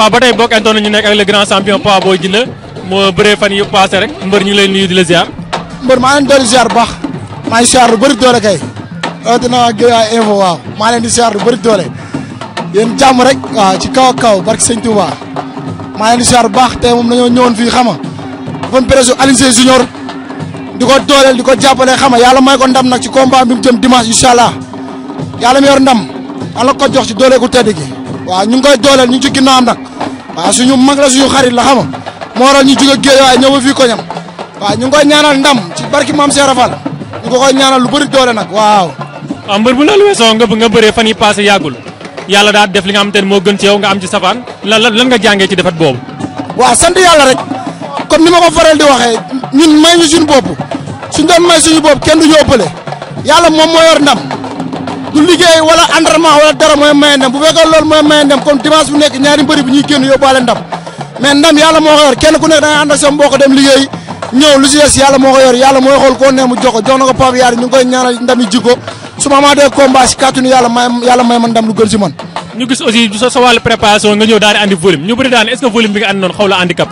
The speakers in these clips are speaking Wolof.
wa batay bok antonou ñu nek ak le grand champion pa Boy Djiné mo bëré fan yu passé rek mbeur ñu lay nuyu di la ziar. mbeur ma leen doon ziar bax baax ngi ziar bëri doole kay adina Guédiawaye info wa ma leen di ziar lu bëri doole yeen jamm rek wa ci kaw kaw barke seigne Touba ma leen di ziar bax baax mom dañu dañoo fi xama Junior di doole diko di xama yalla may ko ndam nak ci combat bi mu jëm dimanche inshallah yalla mi yor ndam ala ko jox ci ko tedd gi wa ñu ngoy doolal ñu ngi ci ginnaawam nak wa suñu mag la suñu xarit la xam mo ra ñu jóge géej waaye ñëw fi fii koñam wa ñu ngoy ñaanal ndam ci barki mam Cheikh Rafal ñu ko koy ñaanal lu bari doole nak waaw. am ah, bari bu la wéso nga nga bëré fan yi passé yagul yalla da def li nga xam te ne gën ci yow nga am ci safaan lan lan nga jàngee ci defat bobu wa sant yalla rek comme nima ko faral di waxé ñun may ñu suñu bop suñu doon may suñu bop kenn du ñu ëppale yalla mom mo yor ndam du liggéey wala entraînement wala dara moy may ndam bu fekkal loolu moy may ndam comme dimanche bu nek ñaari mbeuri bi ñuy génn yóbbaale ndam mais ndam yalla moo ko yor kenn ku nek da nga and ak sa boko dem liggéey ñew lu ci yes yalla moo ko yor yàlla mooy xool koo ne mu joxo ko jox na ko pap yar ñu koy ñaanal ndam yi jikko su mama de combat ci katunu yalla may yalla may man ndam lu gën ci man ñu gis aussi du sa wal préparation nga ñew daari andi volume ñu bari daan est-ce que volume bi nga and non xawla handicap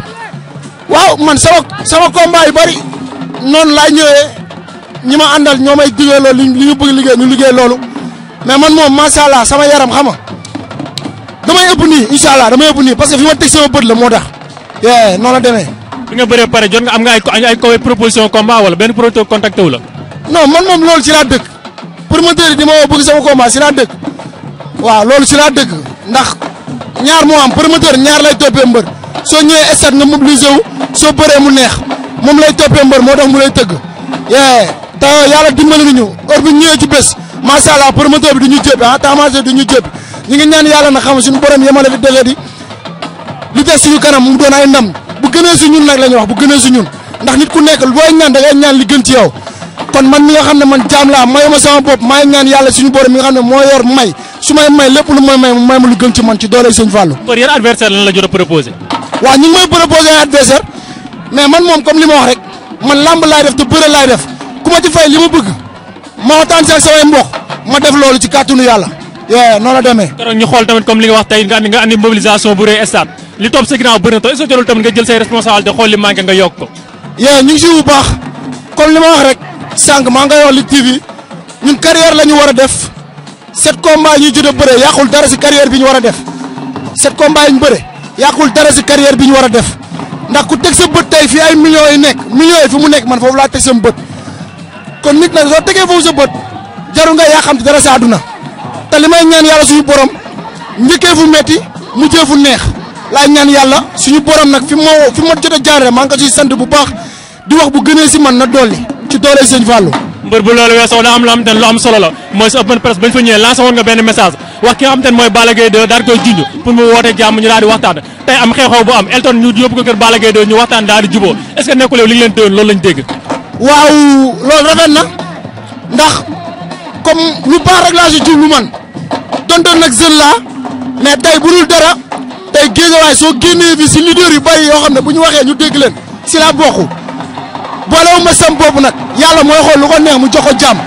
waaw man sama sama combat yu bari non la ñewé ñima andal ñomay ñoo may li ñu bëgg liggéey ñu liggéey loolu mais man moom macha allah sama yaram xam nga damay ëpp nii incha allah damay ëpp nii parce que fi ma teg sama bët la moo tax. noonu la demee. bi nga bëree pare jot nga am nga ay ay ay proposition combat wala benn proto contacté wu la. non man moom loolu ci laa dëkk promoteur yi di ma woo bëgg sama combat ci laa dëkk waaw loolu si laa dëkk ndax ñaar moo am promoteur ñaar lay toppee mbër soo ñëwee stade nga mobilisé wu soo bëree mu neex moom lay toppee mbër moo tax mu lay tëgg. te yàlla dimbali nañu heure bu ñëwee ci bés. macha allah promoteur bi du jëb ah taamaase du ñu jëb ñu ngi ñaan yàlla na xam suñu borom yemale li dëgg di li des suñu kanam mu doon ay ndam bu gënee si ñun nak la wax bu gënee si ñun ndax nit ku nekk ñaan da ngay ñaan li gën ci yow kon man mi nga xam ne man jaam laa mayuma sama bopp maay ñaan yàlla suñu borom mi nga xam ne yor may su may may lu may may may ma lu gën ci man ci doole sëñ Fallou. mbër yan adversaire lan la jot a proposé. waaw ñu ngi may proposé ay adversaire mais man moom comme li ma wax rek man def te def ci fay bëgg ma mbokk ma def loolu ci kàttanu yàlla. yee noonu a demee. keroog ñu xool tamit comme li nga wax tey nga andi nga andi bu rëy stade li topp sa ginnaaw bëri na te est ce que tamit nga jël say responsabilité xool li manqué nga yokk ko. yee ñu ngi baax comme li ma wax rek sànq maa ngi koy wax li TV ñun carrière la ñu war a def sept combats yi ñuy jot a bëre yàqul dara si carrière bi ñu war a def sept combats yi ñu bëre yàqul dara si carrière bi ñu war a def ndax ku teg sa bët tey fi ay millions yi nekk millions yi mu nekk man foofu laa teg sa bët kon nit nag soo tegee foofu sa bët. jaru nga yàqamti dara sa aduna te limay ñaan yalla suñu borom ñeke fu metti mu fu neex la ñaan yalla suñu borom nak fi mo fi mo jot a jaaree ko bu baax di wax bu gëne si man na doli ci doole sëñ fallu mbeur bu loolu weesoo na am la am ten lu am solo la moy sa open press bañ fa ñëw lancé won nga ben message wax ki am tan moy mooy de dar 2 daal koy pour mu woote jamm ñu daal di waxtaan tay am xew bu am Elton ñu yóbbu ko kër Balla de ñu waxtaan daal di jubo est ce que nekkul li ngi leen teewon loolu lañ dégg. waaw loolu rafet na ndax comme lu baax rek laa si jublu man donte nag jeune laa mais tey bu dul dara tey géejawaay soo génnee bi si leader yu bari yoo xam ne bu ñu waxee ñu dégg leen si laa bokk boolewu ma sam boobu nag yàlla mooy xool lu ko neex mu jox ko jàmm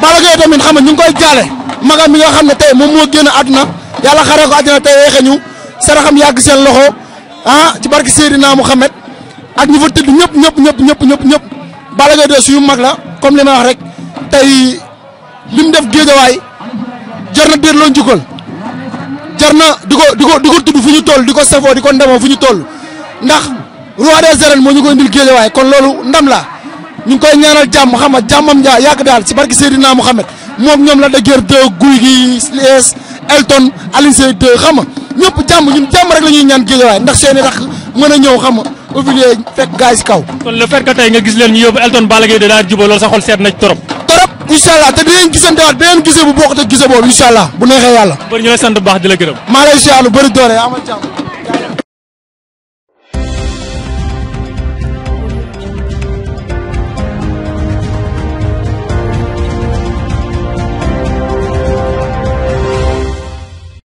Balla Gaye tamit xam nga ñu ngi koy jaale magam mi nga xam ne tey moom moo génn àdduna yàlla xaree ko àdduna tey weexe ñu saraxam yàgg seen loxo ah ci barke Seydina Mouhamed ak ñu fa tëdd ñëpp ñëpp ñëpp ñëpp ñëpp ñëpp Balla Gaye de suñu la lim def géejawaay way jarna delloo lo jar jarna di ko di ko di ko toll di ko diko di ko toll ndax roi des arènes mo ñu ko indil way kon lolu ndam la ñu koy ñaanal jam xam jamam ja yag dal si barki serina muhammad mom ñom la da de guuy gi Les, Elton alin Seye 2 xam jam ñëpp jàmm ñun jàmm rek lañuy ñaan ñaan way ndax seeni rax mëna ñew ñëw xam ouvrier kaw. kon le fait que tay nga gis leen ñu yob Elton balagay de da jubo jubóo loolu sa xol set na ci torop incha allah te dinañ gisantewaat beneen gise bu bokk gise boobu incha bu neexee yàlla.